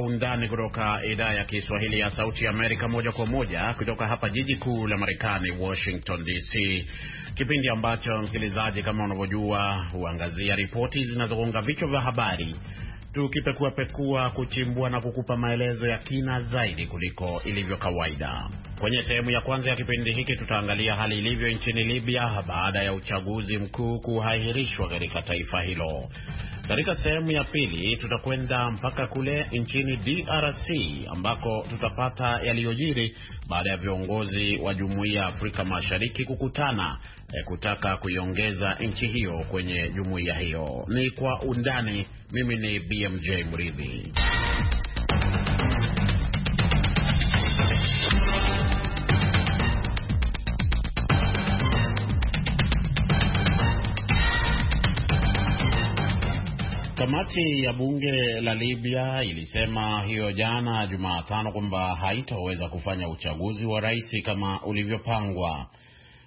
undani kutoka idhaa ya Kiswahili ya Sauti ya Amerika, moja kwa moja kutoka hapa jiji kuu la Marekani, Washington DC, kipindi ambacho msikilizaji, kama unavyojua, huangazia ripoti zinazogonga vichwa vya habari, tukipekuapekua, kuchimbua na kukupa maelezo ya kina zaidi kuliko ilivyo kawaida. Kwenye sehemu ya kwanza ya kipindi hiki tutaangalia hali ilivyo nchini Libya baada ya uchaguzi mkuu kuahirishwa katika taifa hilo. Katika sehemu ya pili tutakwenda mpaka kule nchini DRC ambako tutapata yaliyojiri baada ya viongozi wa Jumuiya ya Afrika Mashariki kukutana eh, kutaka kuiongeza nchi hiyo kwenye jumuiya hiyo. Ni kwa undani. Mimi ni BMJ Mridhi. Kamati ya bunge la Libya ilisema hiyo jana Jumatano kwamba haitaweza kufanya uchaguzi wa rais kama ulivyopangwa.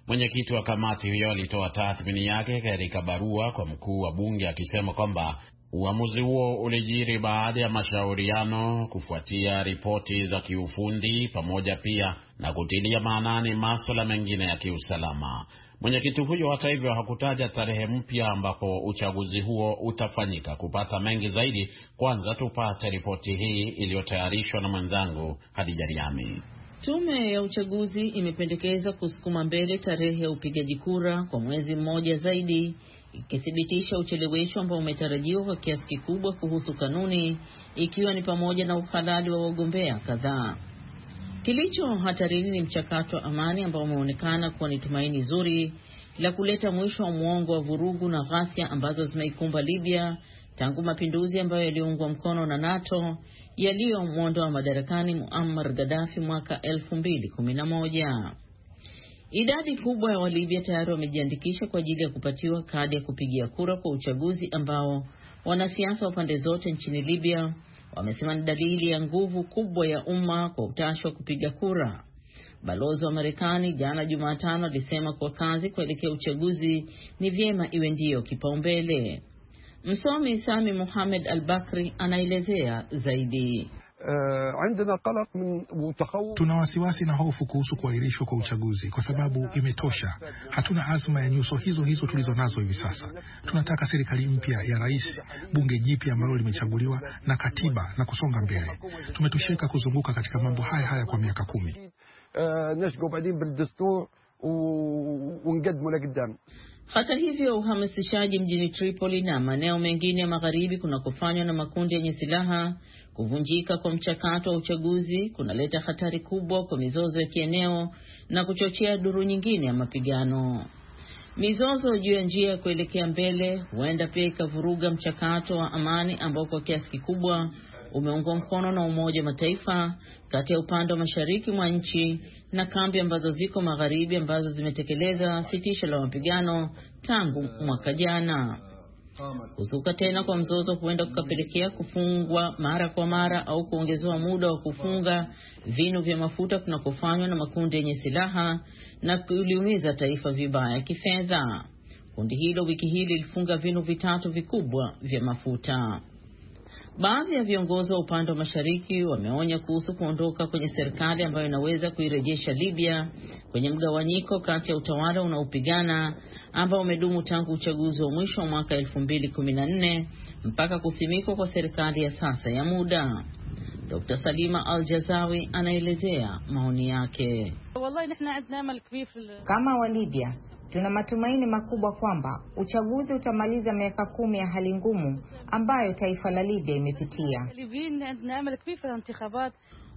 Mwenyekiti wa kamati hiyo alitoa tathmini yake katika barua kwa mkuu wa bunge akisema kwamba uamuzi huo ulijiri baada ya mashauriano kufuatia ripoti za kiufundi pamoja pia na kutilia maanani maswala mengine ya kiusalama. Mwenyekiti huyo hata hivyo hakutaja tarehe mpya ambapo uchaguzi huo utafanyika. Kupata mengi zaidi, kwanza tupate ripoti hii iliyotayarishwa na mwenzangu Hadija Riami. Tume ya uchaguzi imependekeza kusukuma mbele tarehe ya upigaji kura kwa mwezi mmoja zaidi, ikithibitisha uchelewesho ambao umetarajiwa kwa kiasi kikubwa kuhusu kanuni, ikiwa ni pamoja na uhalali wa wagombea kadhaa. Kilicho hatarini ni mchakato wa amani ambao umeonekana kuwa ni tumaini zuri la kuleta mwisho wa muongo wa vurugu na ghasia ambazo zimeikumba Libya tangu mapinduzi ambayo yaliungwa mkono na NATO yaliyomwondoa madarakani Muammar Gaddafi mwaka 2011. Idadi kubwa ya Walibya tayari wamejiandikisha kwa ajili ya kupatiwa kadi ya kupigia kura kwa uchaguzi ambao wanasiasa wa pande zote nchini Libya wamesema ni dalili ya nguvu kubwa ya umma kwa utashi wa kupiga kura. Balozi wa Marekani jana Jumatano alisema kuwa kazi kuelekea uchaguzi ni vyema iwe ndiyo kipaumbele. Msomi Sami Muhamed Al Bakri anaelezea zaidi. Eh, عندنا قلق من وتخوف. Tuna wasiwasi na hofu kuhusu kuahirishwa kwa uchaguzi kwa sababu imetosha. Hatuna azma ya nyuso hizo hizo tulizonazo hivi sasa. Tunataka serikali mpya ya rais, bunge jipya ambalo limechaguliwa na katiba na kusonga mbele. Tumetosheka kuzunguka katika mambo haya haya kwa miaka kumi. Eh, Hata hivyo uhamasishaji mjini Tripoli na maeneo mengine ya magharibi kunakofanywa na makundi yenye silaha Kuvunjika kwa mchakato wa uchaguzi kunaleta hatari kubwa kwa mizozo ya kieneo na kuchochea duru nyingine ya mapigano. Mizozo juu ya njia ya kuelekea mbele huenda pia ikavuruga mchakato wa amani ambao kwa kiasi kikubwa umeungwa mkono na Umoja wa Mataifa kati ya upande wa mashariki mwa nchi na kambi ambazo ziko magharibi ambazo zimetekeleza sitisho la mapigano tangu mwaka jana. Kuzuka tena kwa mzozo huenda kukapelekea kufungwa mara kwa mara au kuongezewa muda wa kufunga vinu vya mafuta kunakofanywa na makundi yenye silaha na kuliumiza taifa vibaya kifedha. Kundi hilo wiki hii lilifunga vinu vitatu vikubwa vya mafuta. Baadhi ya viongozi wa upande wa mashariki wameonya kuhusu kuondoka kwenye serikali ambayo inaweza kuirejesha Libya kwenye mgawanyiko kati ya utawala unaopigana ambao umedumu tangu uchaguzi wa mwisho wa mwaka 2014 mpaka kusimikwa kwa serikali ya sasa ya muda. Dr. Salima Al-Jazawi anaelezea maoni yake. Kama wa Libya Tuna matumaini makubwa kwamba uchaguzi utamaliza miaka kumi ya hali ngumu ambayo taifa la Libya imepitia.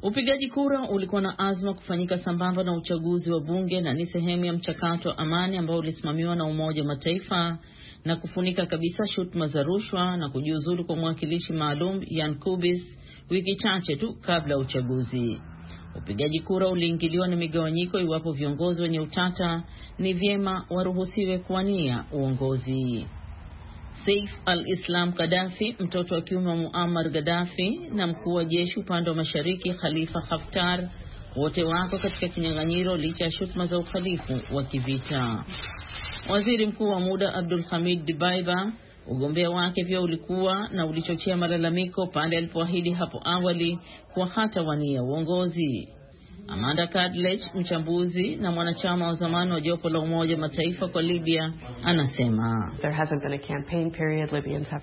Upigaji kura ulikuwa na azma kufanyika sambamba na uchaguzi wa bunge na ni sehemu ya mchakato wa amani ambao ulisimamiwa na Umoja wa Mataifa na kufunika kabisa shutuma za rushwa na kujiuzulu kwa mwakilishi maalum Yan Kubis wiki chache tu kabla ya uchaguzi. Upigaji kura uliingiliwa na migawanyiko iwapo viongozi wenye utata ni vyema waruhusiwe kuwania uongozi. Saif al-Islam Gaddafi, mtoto wa kiume wa Muammar Gaddafi, na mkuu wa jeshi upande wa mashariki Khalifa Haftar, wote wako katika kinyang'anyiro licha ya shutuma za uhalifu wa kivita. Waziri Mkuu wa muda Abdul Hamid Dibaiba Ugombea wake pia ulikuwa na ulichochea malalamiko pale alipoahidi hapo awali kuwa wania uongozi. Amanda kadlech mchambuzi na mwanachama wa zamani wa jopo la Umoja wa Mataifa kwa Libya, anasema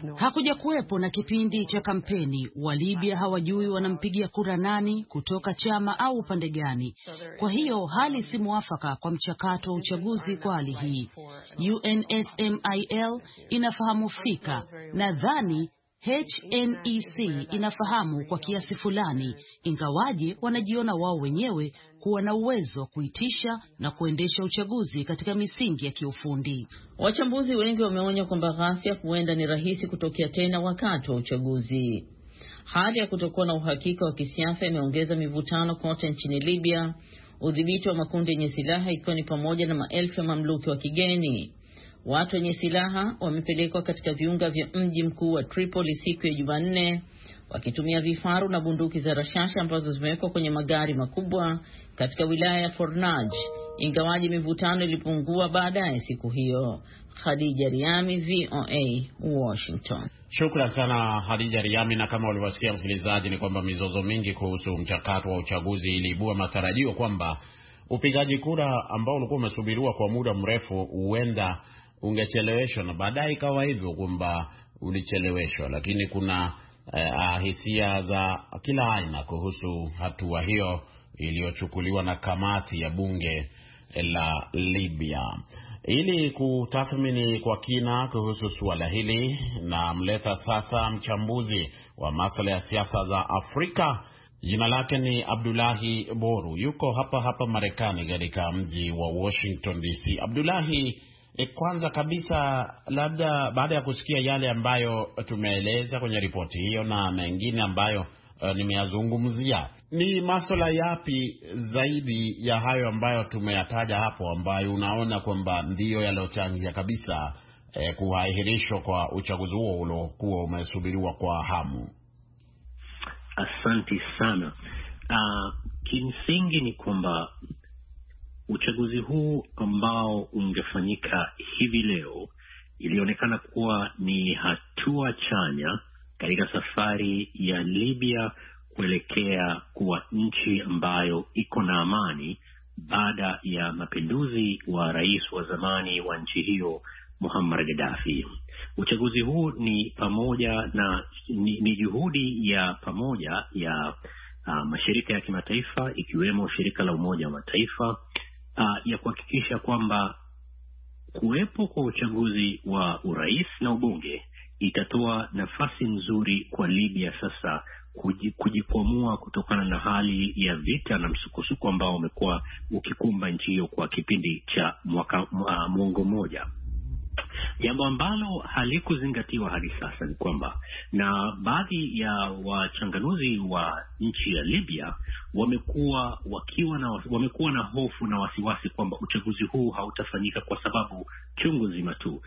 no... hakuja kuwepo na kipindi cha kampeni. Wa Libya hawajui wanampigia kura nani kutoka chama au upande gani. Kwa hiyo hali si mwafaka kwa mchakato wa uchaguzi. Kwa hali hii, UNSMIL inafahamu fika, nadhani HNEC inafahamu kwa kiasi fulani, ingawaje wanajiona wao wenyewe kuwa na uwezo wa kuitisha na kuendesha uchaguzi katika misingi ya kiufundi. Wachambuzi wengi wameonya kwamba ghasia huenda ni rahisi kutokea tena wakati wa uchaguzi. Hali ya kutokuwa na uhakika wa kisiasa imeongeza mivutano kote nchini Libya, udhibiti wa makundi yenye silaha ikiwa ni pamoja na maelfu ya mamluki wa kigeni. Watu wenye silaha wamepelekwa katika viunga vya mji mkuu wa Tripoli siku ya Jumanne wakitumia vifaru na bunduki za rashasha ambazo zimewekwa kwenye magari makubwa katika wilaya ya Fornaj, ingawaji mivutano ilipungua baadaye siku hiyo. Khadija Riami, VOA, Washington. Shukran sana Hadija Riami. Na kama ulivyosikia msikilizaji, ni kwamba mizozo mingi kuhusu mchakato wa uchaguzi iliibua matarajio kwamba upigaji kura ambao ulikuwa umesubiriwa kwa muda mrefu huenda ungecheleweshwa, na baadaye ikawa hivyo kwamba ulicheleweshwa, lakini kuna eh, ah, hisia za kila aina kuhusu hatua hiyo iliyochukuliwa na kamati ya bunge la Libya. Ili kutathmini kwa kina kuhusu suala hili, namleta sasa mchambuzi wa masuala ya siasa za Afrika. Jina lake ni Abdulahi Boru, yuko hapa hapa Marekani, katika mji wa Washington DC. Abdulahi, E, kwanza kabisa labda baada ya kusikia yale ambayo tumeeleza kwenye ripoti hiyo na mengine ambayo uh, nimeyazungumzia, ni maswala yapi zaidi ya hayo ambayo tumeyataja hapo ambayo unaona kwamba ndiyo yaliyochangia kabisa eh, kuahirishwa kwa uchaguzi huo uliokuwa umesubiriwa kwa hamu? Asante sana. Uh, kimsingi ni kwamba Uchaguzi huu ambao ungefanyika hivi leo ilionekana kuwa ni hatua chanya katika safari ya Libya kuelekea kuwa nchi ambayo iko na amani baada ya mapinduzi wa rais wa zamani wa nchi hiyo Muammar Gaddafi. Uchaguzi huu ni pamoja na ni, ni juhudi ya pamoja ya uh, mashirika ya kimataifa ikiwemo shirika la Umoja wa Mataifa uh, ya kuhakikisha kwamba kuwepo kwa uchaguzi wa urais na ubunge itatoa nafasi nzuri kwa Libya sasa kujikwamua kutokana na hali ya vita na msukosuko ambao umekuwa ukikumba nchi hiyo kwa kipindi cha mwaka uh, muongo mmoja. Jambo ambalo halikuzingatiwa hadi sasa ni kwamba, na baadhi ya wachanganuzi wa nchi ya Libya wamekuwa wakiwa na wamekuwa na hofu na wasiwasi kwamba uchaguzi huu hautafanyika kwa sababu chungu nzima tu.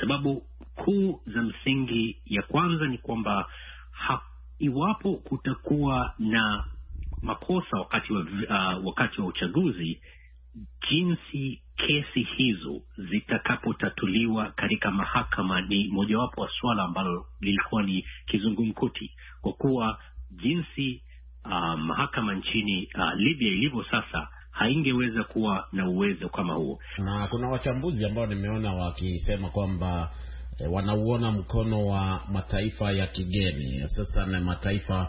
Sababu kuu za msingi, ya kwanza ni kwamba ha, iwapo kutakuwa na makosa wakati wa, uh, wakati wa uchaguzi jinsi kesi hizo zitakapotatuliwa katika mahakama ni mojawapo wa suala ambalo lilikuwa ni kizungumkuti kwa kuwa jinsi uh, mahakama nchini uh, Libya ilivyo sasa haingeweza kuwa na uwezo kama huo, na kuna wachambuzi ambao nimeona wakisema kwamba e, wanauona mkono wa mataifa ya kigeni, sasa na mataifa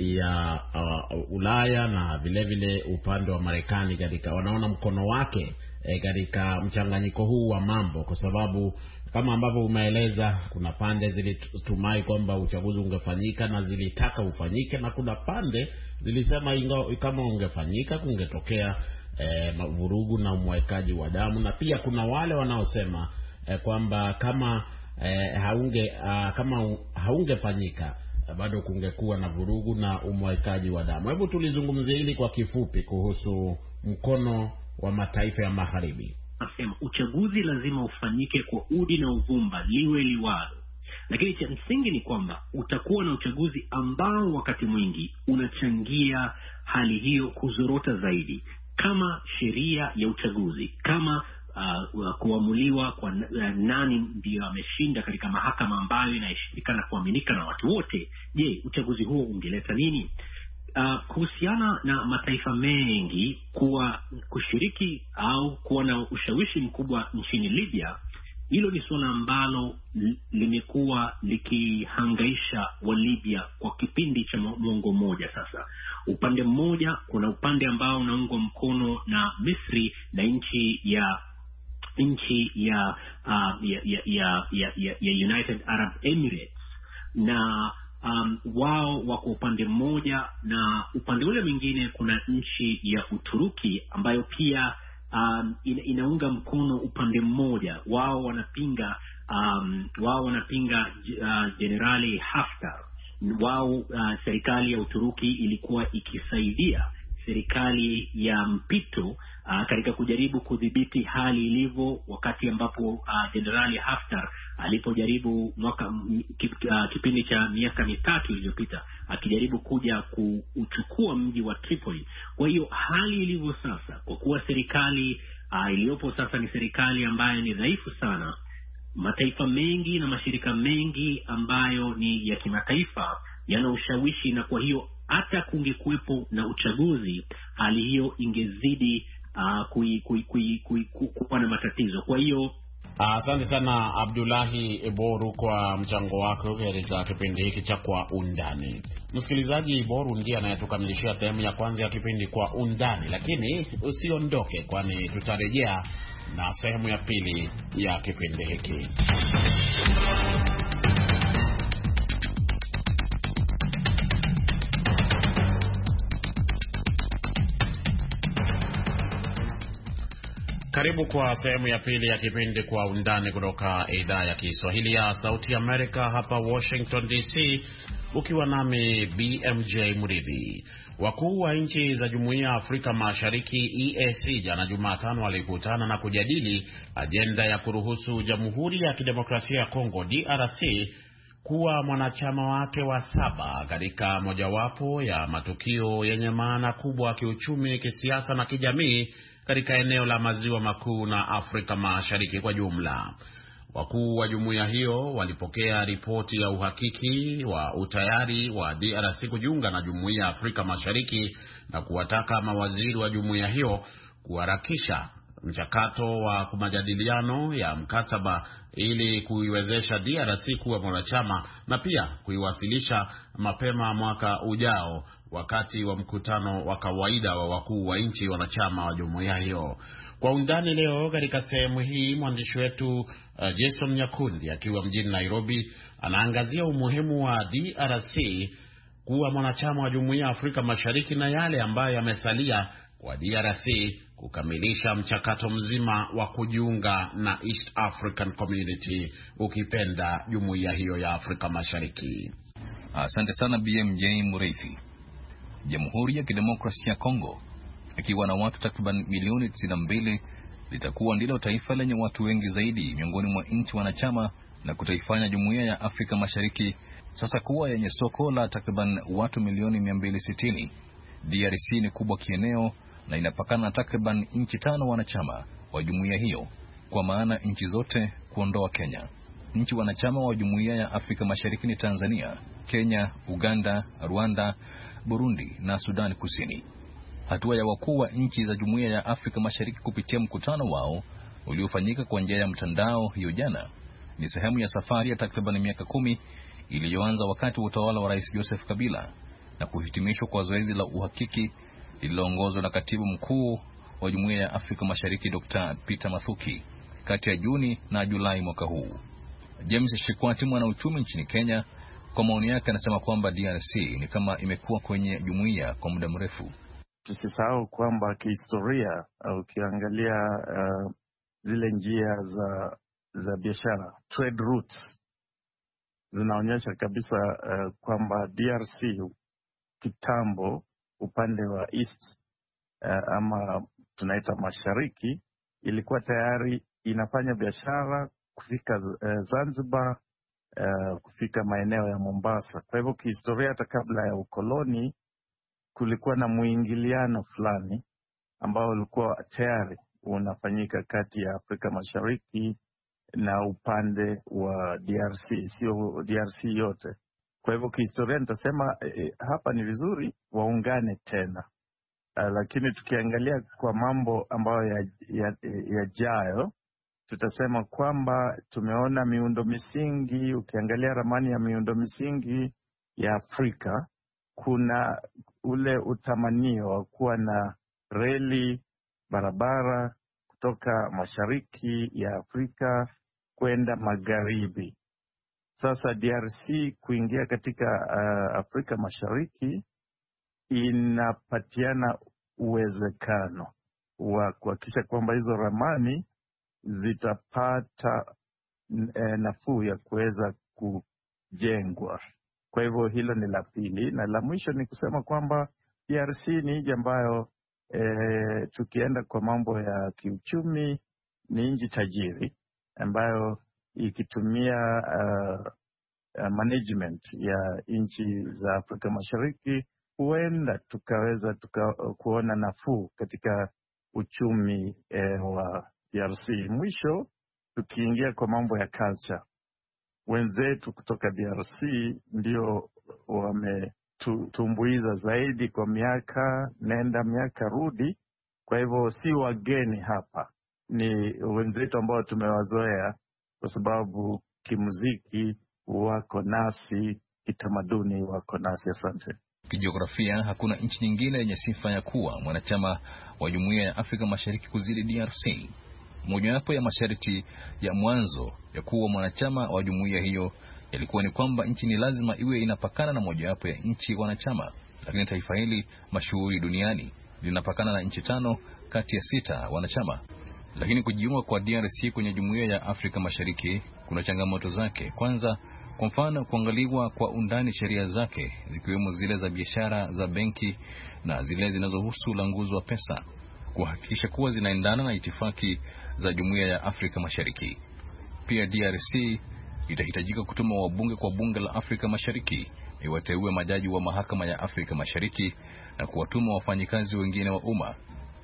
ya uh, Ulaya na vilevile upande wa Marekani katika wanaona mkono wake e, katika mchanganyiko huu wa mambo, kwa sababu kama ambavyo umeeleza, kuna pande zilitumai kwamba uchaguzi ungefanyika na zilitaka ufanyike, na kuna pande zilisema inga, kama ungefanyika kungetokea e, vurugu na umwekaji wa damu, na pia kuna wale wanaosema e, kwamba kama e, haunge a, ah, kama haungefanyika bado kungekuwa na vurugu na umwaikaji wa damu. Hebu tulizungumzia hili kwa kifupi, kuhusu mkono wa mataifa ya magharibi. Nasema uchaguzi lazima ufanyike kwa udi na uvumba, liwe liwalo, lakini cha msingi ni kwamba utakuwa na uchaguzi ambao wakati mwingi unachangia hali hiyo kuzorota zaidi, kama sheria ya uchaguzi, kama uh, kuamuliwa kwa uh, nani ndiyo ameshinda katika mahakama ambayo inaheshimika na kuaminika na watu wote. Je, uchaguzi huo ungeleta nini? Uh, kuhusiana na mataifa mengi kuwa kushiriki au kuwa na ushawishi mkubwa nchini Libya, hilo ni suala ambalo limekuwa likihangaisha Walibya kwa kipindi cha mwongo mmoja sasa. Upande mmoja kuna upande ambao unaungwa mkono na Misri na nchi ya nchi ya, uh, ya, ya, ya, ya, ya United Arab Emirates na um, wao wako upande mmoja na upande ule mwingine kuna nchi ya Uturuki ambayo pia um, in, inaunga mkono upande mmoja. Wao wanapinga um, wao wanapinga Jenerali uh, Haftar. Wao uh, serikali ya Uturuki ilikuwa ikisaidia serikali ya mpito uh, katika kujaribu kudhibiti hali ilivyo, wakati ambapo ah, Jenerali Haftar alipojaribu mwaka kip, uh, kipindi cha miaka mitatu iliyopita akijaribu kuja kuchukua mji wa Tripoli. Kwa hiyo hali ilivyo sasa, kwa kuwa serikali iliyopo sasa ni serikali ambayo ni dhaifu sana, mataifa mengi na mashirika mengi ambayo ni ya kimataifa yana ushawishi na kwa hiyo hata kungekuwepo na uchaguzi, hali hiyo ingezidi uh, kui, kui, kui, kui, kui, kuwa na matatizo. Kwa hiyo asante uh, sana Abdulahi boru kwa mchango wako katika kipindi hiki cha Kwa Undani. Msikilizaji, boru ndiye anayetukamilishia sehemu ya kwanza ya kipindi Kwa Undani, lakini usiondoke, kwani tutarejea na sehemu ya pili ya kipindi hiki. Karibu kwa sehemu ya pili ya kipindi Kwa Undani kutoka idhaa ya Kiswahili ya Sauti Amerika, hapa Washington DC, ukiwa nami BMJ Mridhi. Wakuu wa nchi za Jumuiya ya Afrika Mashariki EAC jana Jumatano walikutana na kujadili ajenda ya kuruhusu Jamhuri ya Kidemokrasia ya congo DRC kuwa mwanachama wake wa saba katika mojawapo ya matukio yenye maana kubwa ya kiuchumi, kisiasa na kijamii katika eneo la maziwa makuu na Afrika Mashariki kwa jumla. Wakuu wa jumuiya hiyo walipokea ripoti ya uhakiki wa utayari wa DRC kujiunga na jumuiya ya Afrika Mashariki na kuwataka mawaziri wa jumuiya hiyo kuharakisha mchakato wa majadiliano ya mkataba ili kuiwezesha DRC kuwa mwanachama na pia kuiwasilisha mapema mwaka ujao wakati wa mkutano wa kawaida wa wakuu wa nchi wanachama wa jumuiya hiyo. Kwa undani leo katika sehemu hii, mwandishi wetu uh, Jason Nyakundi akiwa mjini Nairobi anaangazia umuhimu wa DRC kuwa mwanachama wa jumuiya ya Afrika Mashariki na yale ambayo yamesalia kwa DRC kukamilisha mchakato mzima wa kujiunga na East African Community, ukipenda jumuiya hiyo ya Afrika Mashariki. Asante sana BMJ Mreithi. Jamhuri ya Kidemokrasia ya Kongo ikiwa na watu takriban milioni 92 litakuwa ndilo taifa lenye watu wengi zaidi miongoni mwa nchi wanachama na kutaifanya Jumuiya ya Afrika Mashariki sasa kuwa yenye soko la takriban watu milioni 260. DRC ni kubwa kieneo na inapakana na takriban nchi tano wanachama wa jumuiya hiyo, kwa maana nchi zote kuondoa Kenya. Nchi wanachama wa Jumuiya ya Afrika Mashariki ni Tanzania, Kenya, Uganda, Rwanda, Burundi na Sudani Kusini. Hatua ya wakuu wa nchi za Jumuiya ya Afrika Mashariki kupitia mkutano wao uliofanyika kwa njia ya mtandao hiyo jana ni sehemu ya safari ya takriban miaka kumi iliyoanza wakati wa utawala wa Rais Joseph Kabila na kuhitimishwa kwa zoezi la uhakiki lililoongozwa na katibu mkuu wa Jumuiya ya Afrika Mashariki Dr. Peter Mathuki kati ya Juni na Julai mwaka huu. James Shikwati mwanauchumi nchini Kenya kwa maoni yake, anasema kwamba DRC ni kama imekuwa kwenye jumuiya kwa muda mrefu. Tusisahau kwamba kihistoria, uh, ukiangalia uh, zile njia za za biashara trade routes zinaonyesha kabisa uh, kwamba DRC kitambo upande wa east uh, ama tunaita mashariki ilikuwa tayari inafanya biashara kufika uh, Zanzibar Eh, kufika maeneo ya Mombasa. Kwa hivyo kihistoria, hata kabla ya ukoloni kulikuwa na mwingiliano fulani ambao ulikuwa tayari unafanyika kati ya Afrika Mashariki na upande wa DRC, sio DRC yote. Kwa hivyo kihistoria nitasema eh, hapa ni vizuri waungane tena. Uh, lakini tukiangalia kwa mambo ambayo yajayo ya, ya tutasema kwamba tumeona miundo misingi. Ukiangalia ramani ya miundo misingi ya Afrika, kuna ule utamanio wa kuwa na reli, barabara kutoka mashariki ya Afrika kwenda magharibi. Sasa DRC kuingia katika uh, Afrika Mashariki inapatiana uwezekano wa kuhakikisha kwamba hizo ramani zitapata e, nafuu ya kuweza kujengwa. Kwa hivyo hilo ni la pili, na la mwisho ni kusema kwamba DRC ni nchi ambayo e, tukienda kwa mambo ya kiuchumi ni nchi tajiri ambayo ikitumia uh, management ya nchi za Afrika Mashariki huenda tukaweza tuka, kuona nafuu katika uchumi eh, wa DRC. Mwisho, tukiingia kwa mambo ya culture, wenzetu kutoka DRC ndio wametumbuiza zaidi kwa miaka nenda miaka rudi. Kwa hivyo si wageni hapa, ni wenzetu ambao tumewazoea kwa sababu kimuziki wako nasi, kitamaduni wako nasi. Asante. Kijiografia hakuna nchi nyingine yenye sifa ya kuwa mwanachama wa jumuiya ya Afrika Mashariki kuzidi DRC. Mojawapo ya masharti ya mwanzo ya kuwa mwanachama wa jumuiya hiyo yalikuwa ni kwamba nchi ni lazima iwe inapakana na mojawapo ya nchi wanachama, lakini taifa hili mashuhuri duniani linapakana na nchi tano kati ya sita wanachama. Lakini kujiunga kwa DRC kwenye jumuiya ya Afrika Mashariki kuna changamoto zake. Kwanza, kwa mfano, kuangaliwa kwa undani sheria zake, zikiwemo zile za biashara za benki na zile zinazohusu ulanguzi wa pesa kuhakikisha kuwa zinaendana na itifaki za Jumuiya ya Afrika Mashariki. Pia DRC itahitajika kutuma wabunge kwa bunge la Afrika Mashariki iwateue majaji wa mahakama ya Afrika Mashariki na kuwatuma wafanyikazi wengine wa umma.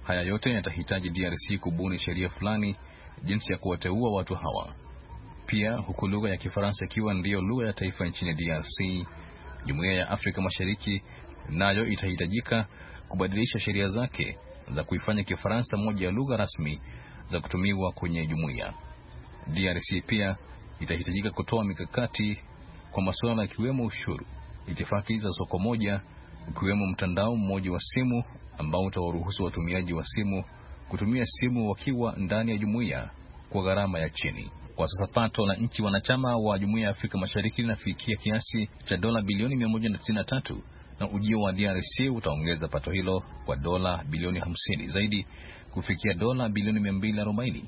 Haya yote yatahitaji DRC kubuni sheria fulani jinsi ya kuwateua watu hawa. Pia huku lugha ya Kifaransa ikiwa ndiyo lugha ya taifa nchini DRC, Jumuiya ya Afrika Mashariki nayo itahitajika kubadilisha sheria zake za kuifanya Kifaransa moja ya lugha rasmi za kutumiwa kwenye jumuiya. DRC pia itahitajika kutoa mikakati kwa masuala yakiwemo ushuru, itifaki za soko moja, ukiwemo mtandao mmoja wa simu ambao utawaruhusu watumiaji wa simu kutumia simu wakiwa ndani ya jumuiya kwa gharama ya chini. Kwa sasa pato la nchi wanachama wa jumuiya ya Afrika Mashariki linafikia kiasi cha dola bilioni 193 na ujio wa DRC utaongeza pato hilo kwa dola bilioni 50 zaidi kufikia dola bilioni 240.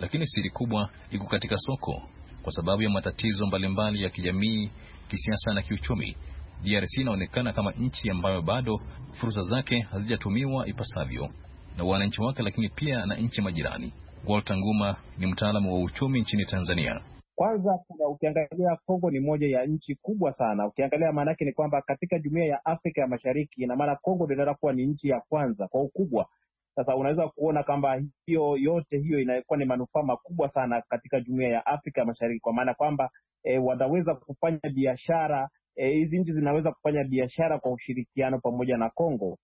Lakini siri kubwa iko katika soko. Kwa sababu ya matatizo mbalimbali ya kijamii, kisiasa na kiuchumi, DRC inaonekana kama nchi ambayo bado fursa zake hazijatumiwa ipasavyo na wananchi wake, lakini pia na nchi majirani. Walter Nguma ni mtaalamu wa uchumi nchini Tanzania. Kwanza kuna ukiangalia Kongo ni moja ya nchi kubwa sana, ukiangalia maana yake ni kwamba katika jumuiya ya Afrika ya Mashariki, ina maana Kongo ndio inaweza kuwa ni nchi ya kwanza kwa ukubwa. Sasa unaweza kuona kwamba hiyo yote hiyo inakuwa ni manufaa makubwa sana katika jumuiya ya Afrika ya Mashariki, kwa maana kwamba e, wanaweza kufanya biashara eh, hizi e, nchi zinaweza kufanya biashara kwa ushirikiano pamoja na Kongo.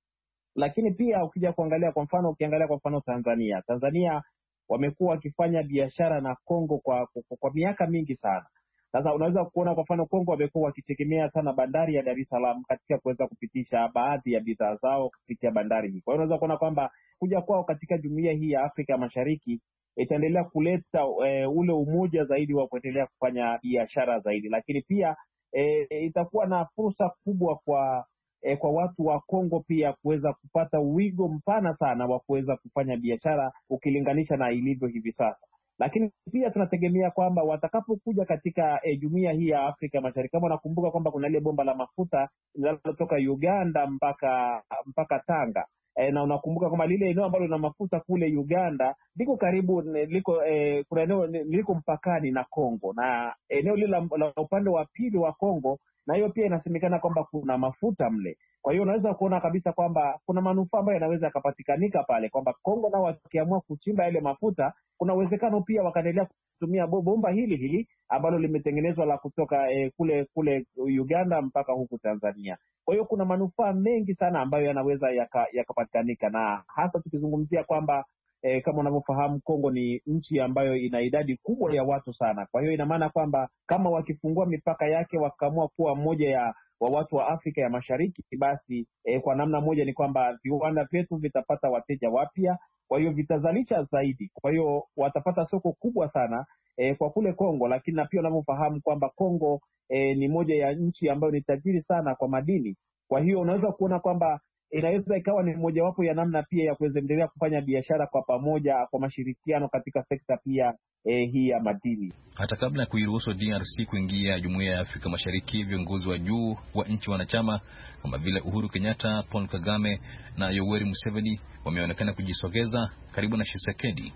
Lakini pia ukija kuangalia kwa mfano, ukiangalia kwa mfano Tanzania, Tanzania wamekuwa wakifanya biashara na Kongo kwa, kwa, kwa miaka mingi sana. Sasa unaweza kuona kwa mfano Kongo wamekuwa wakitegemea sana bandari ya Dar es Salaam katika kuweza kupitisha baadhi ya bidhaa zao kupitia bandari hii. Kwa hiyo unaweza kuona kwamba kuja kwao katika jumuiya hii ya Afrika Mashariki itaendelea kuleta e, ule umoja zaidi wa kuendelea kufanya biashara zaidi, lakini pia e, itakuwa na fursa kubwa kwa e, kwa watu wa Kongo pia kuweza kupata wigo mpana sana wa kuweza kufanya biashara ukilinganisha na ilivyo hivi sasa lakini pia tunategemea kwamba watakapokuja katika e, jumuiya hii ya Afrika Mashariki, kama unakumbuka kwamba kuna ile bomba la mafuta linalotoka Uganda mpaka mpaka Tanga e, na unakumbuka kwamba lile eneo ambalo lina mafuta kule Uganda liko karibu liko e, kuna eneo liko mpakani na congo na eneo lile la upande wa pili wa congo na hiyo pia inasemekana kwamba kuna mafuta mle. Kwa hiyo unaweza kuona kabisa kwamba kuna manufaa ambayo yanaweza yakapatikanika pale, kwamba Kongo nao wakiamua kuchimba yale mafuta, kuna uwezekano pia wakaendelea kutumia bomba hili hili ambalo limetengenezwa la kutoka eh, kule kule Uganda mpaka huku Tanzania. Kwa hiyo kuna manufaa mengi sana ambayo yanaweza yakapatikanika yaka, na hasa tukizungumzia kwamba e, kama unavyofahamu Kongo ni nchi ambayo ina idadi kubwa ya watu sana. Kwa hiyo ina maana kwamba kama wakifungua mipaka yake wakaamua kuwa moja ya wa watu wa Afrika ya Mashariki, basi e, kwa namna moja ni kwamba viwanda vyetu vitapata wateja wapya, kwa hiyo vitazalisha zaidi, kwa hiyo watapata soko kubwa sana e, kwa kule Kongo. Lakini na pia unavyofahamu kwamba Kongo e, ni moja ya nchi ambayo ni tajiri sana kwa madini. Kwa hiyo unaweza kuona kwamba inaweza ikawa ni mojawapo ya namna pia ya kuwezaendelea kufanya biashara kwa pamoja kwa mashirikiano katika sekta pia eh, hii ya madini. Hata kabla ya kuiruhusu DRC kuingia jumuiya ya Afrika Mashariki, viongozi wa juu wa nchi wanachama kama vile Uhuru Kenyatta, Paul Kagame na Yoweri Museveni wameonekana kujisogeza karibu na Tshisekedi.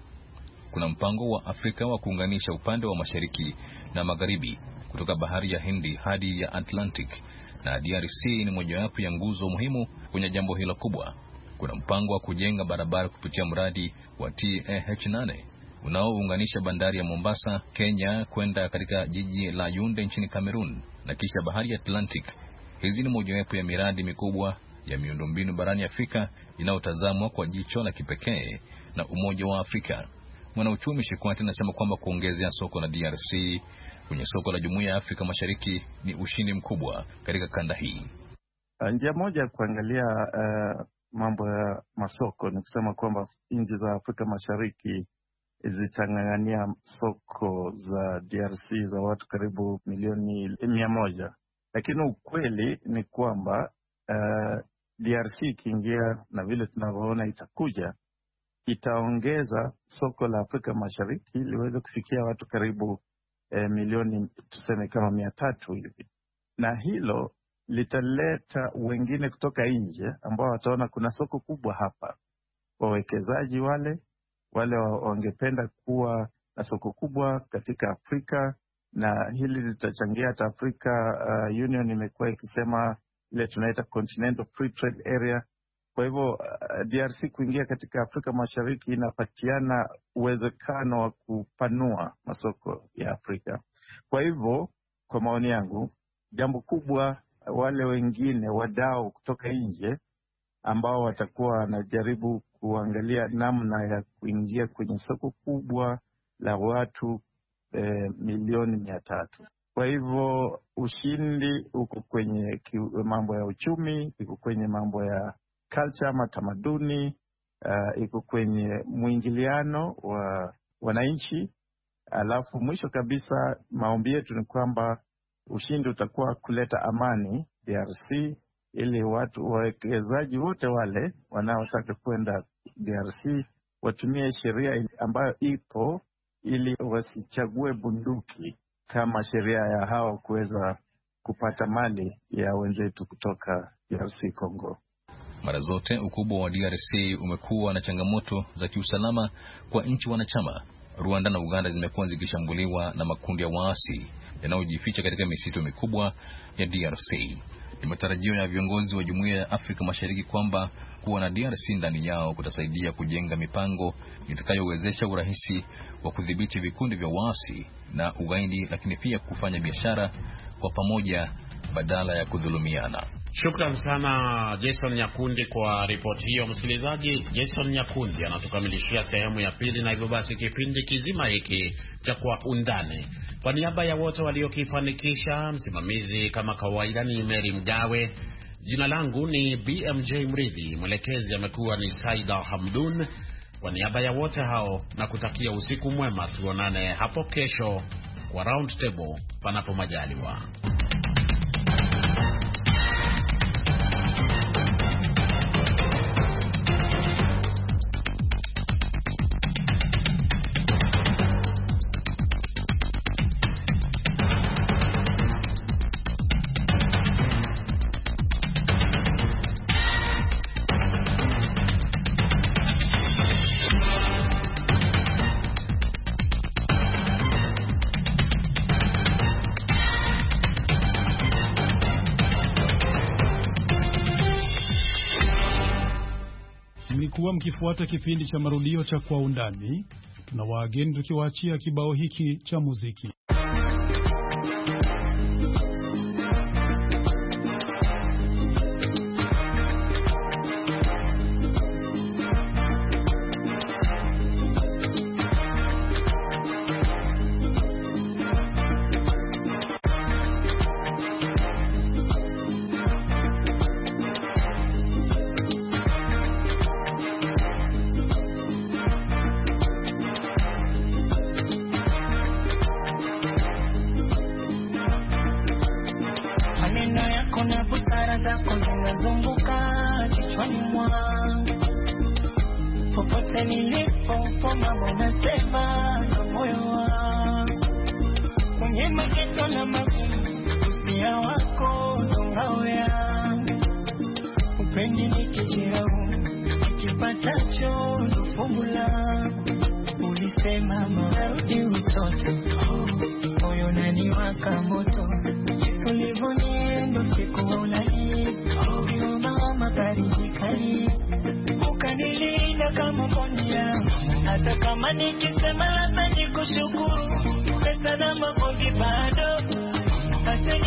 Kuna mpango wa Afrika wa kuunganisha upande wa mashariki na magharibi kutoka bahari ya Hindi hadi ya Atlantic na DRC ni mojawapo ya nguzo muhimu kwenye jambo hilo kubwa. Kuna mpango wa kujenga barabara kupitia mradi wa teh 8 unaounganisha bandari ya Mombasa, Kenya, kwenda katika jiji la yunde nchini Cameroon na kisha bahari ya Atlantic. Hizi ni mojawapo ya miradi mikubwa ya miundombinu barani Afrika inayotazamwa kwa jicho la kipekee na Umoja wa Afrika. Mwanauchumi Shikwati anasema kwamba kuongezea soko la DRC kwenye soko la Jumuiya ya Afrika Mashariki ni ushindi mkubwa katika kanda hii. Uh, njia moja ya kuangalia uh, mambo ya masoko ni kusema kwamba nchi za Afrika Mashariki zitang'ang'ania soko za DRC za watu karibu milioni mia moja, lakini ukweli ni kwamba uh, DRC ikiingia na vile tunavyoona itakuja, itaongeza soko la Afrika Mashariki liweze kufikia watu karibu e, milioni tuseme kama mia tatu hivi, na hilo litaleta wengine kutoka nje ambao wataona kuna soko kubwa hapa, wawekezaji wale wale wangependa kuwa na soko kubwa katika Afrika, na hili litachangia hata Afrika uh, Union imekuwa ikisema ile tunaita Continental Free Trade Area kwa hivyo eh, DRC kuingia katika Afrika Mashariki inapatiana uwezekano wa kupanua masoko ya Afrika. Kwa hivyo, kwa maoni yangu, jambo kubwa, wale wengine wadau kutoka nje ambao watakuwa wanajaribu kuangalia namna ya kuingia kwenye soko kubwa la watu eh, milioni mia tatu. Kwa hivyo ushindi uko kwenye mambo ya uchumi, uko kwenye mambo ya culture ama tamaduni uh, iko kwenye mwingiliano wa wananchi. Alafu mwisho kabisa, maombi yetu ni kwamba ushindi utakuwa kuleta amani DRC, ili watu wawekezaji wote wale wanaotaka kwenda DRC watumie sheria ambayo ipo ili wasichague bunduki kama sheria ya hao kuweza kupata mali ya wenzetu kutoka DRC Congo. Mara zote ukubwa wa DRC umekuwa na changamoto za kiusalama kwa nchi wanachama. Rwanda na Uganda zimekuwa zikishambuliwa na makundi ya waasi yanayojificha katika misitu mikubwa ya DRC. Ni matarajio ya viongozi wa Jumuiya ya Afrika Mashariki kwamba kuwa na DRC ndani yao kutasaidia kujenga mipango itakayowezesha urahisi wa kudhibiti vikundi vya waasi na ugaidi, lakini pia kufanya biashara kwa pamoja badala ya kudhulumiana. Shukran sana Jason Nyakundi kwa ripoti hiyo. Msikilizaji, Jason Nyakundi anatukamilishia sehemu ya pili, na hivyo basi kipindi kizima hiki cha Kwa Undani, kwa niaba ya wote waliokifanikisha, msimamizi kama kawaida ni Mary Mgawe, jina langu ni BMJ Mridhi, mwelekezi amekuwa ni Saida Hamdun. Kwa niaba ya wote hao na kutakia usiku mwema, tuonane hapo kesho kwa round table, panapo majaliwa. Kikifuata kipindi cha marudio cha Kwa Undani, tuna waageni tukiwaachia kibao hiki cha muziki. mpaka moto ulivyoniendo sikuwa unaiovyo mama ukanilinda kama hata kama nikisema labda nikushukuru umesalama kongi bado hata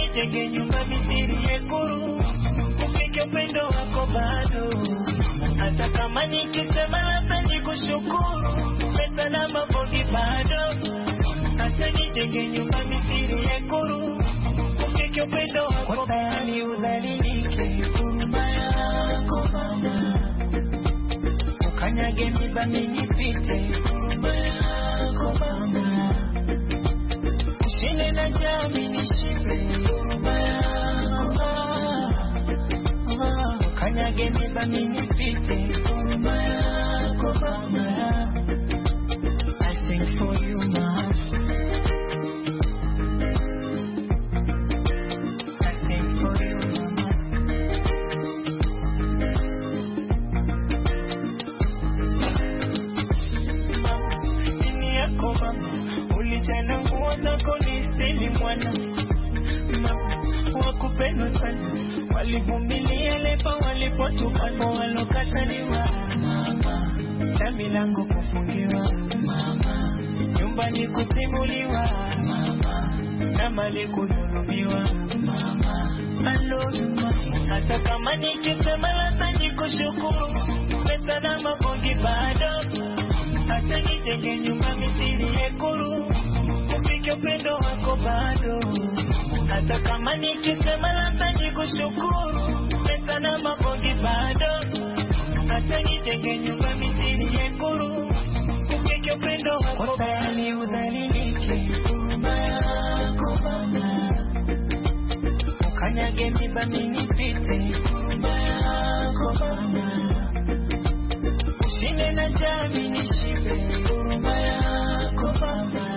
nyumba misiri yekuru ufike upendo wako bado hata kama nikisema labda nikushukuru umesalama kongi bado kuru upendo wako udhalilike yako mama Ukanyage miba minipite yako mama Ushine na jami nishibe yako mama Ukanyage miba minipite yako mama I sing for you namuona koniseni mwana wakupendwa sana, walivumilia lepa walipotukana, walokataliwa na milango kufungiwa mama, nyumbani kutimuliwa na mali kudhulumiwa mama, hata kama nikisema labda nikushukuru, pesa na mabongi bado hata nijenge nyumba misiri ekuru upendo wako bado, hata kama nikisema labda nikushukuru, pesa na mabogi bado, hata nijenge nyumba mithili ya ukeke upendo wako tayari udhalilike, huruma yako Baba, ukanyage miba minipite, huruma yako Baba, ushinde na jamii nishibe, huruma yako Baba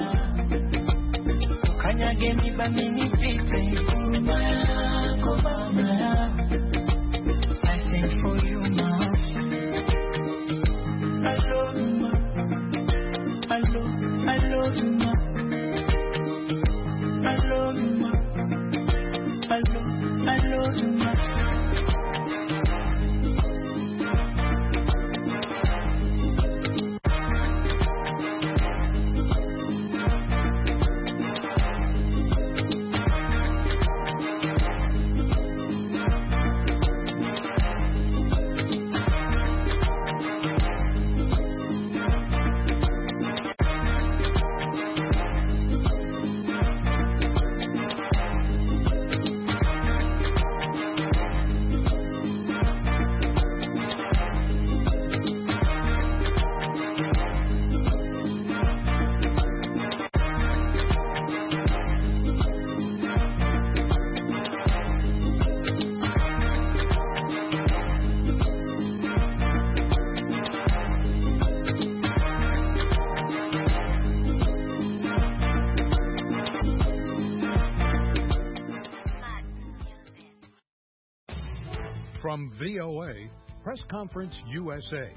yako mama I sing for you now. I love you ma I love, I love you ma I love you ma I love, I love you ma Press Conference USA.